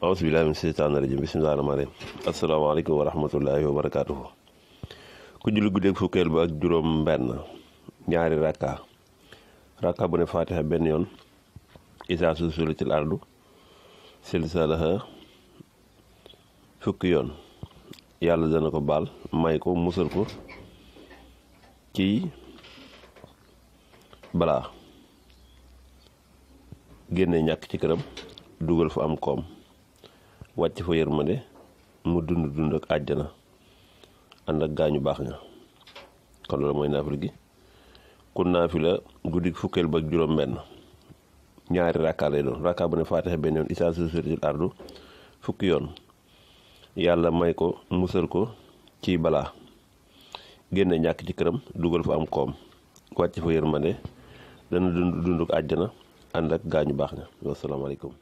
aus billahi min seytaani rajim bismillahi rahmaani rahim asalaamaaleykum wa rahmatullahi wa barakaatuhu ku julli guddeeg fukkeel ba ak juróom benn ñaari rakka rakka bu ne faatiha benn yoon isaa susulitil ardu silsalaha fukki yoon yàlla dana ko baal may ko musal ko ci balaa génne ñàkk ci këram dugal fu am koom wàcc fa yërmande mu dund dund ak àjjana ànd ak gaañu baax ña kon loolu mooy naafila gi ku naafila guddi fukkeel ba ak juróom-benn ñaari rakka lay doon rakka bu ne faatixa benn yoon isaa susuritul ardu fukki yoon yàlla may ko musal ko ci balaa génne ñàkk ci këram dugal fa am koom wàcc fa yërmande dana dund dund ak àjjana ànd ak gaañu baax ña wasalaamaaleykum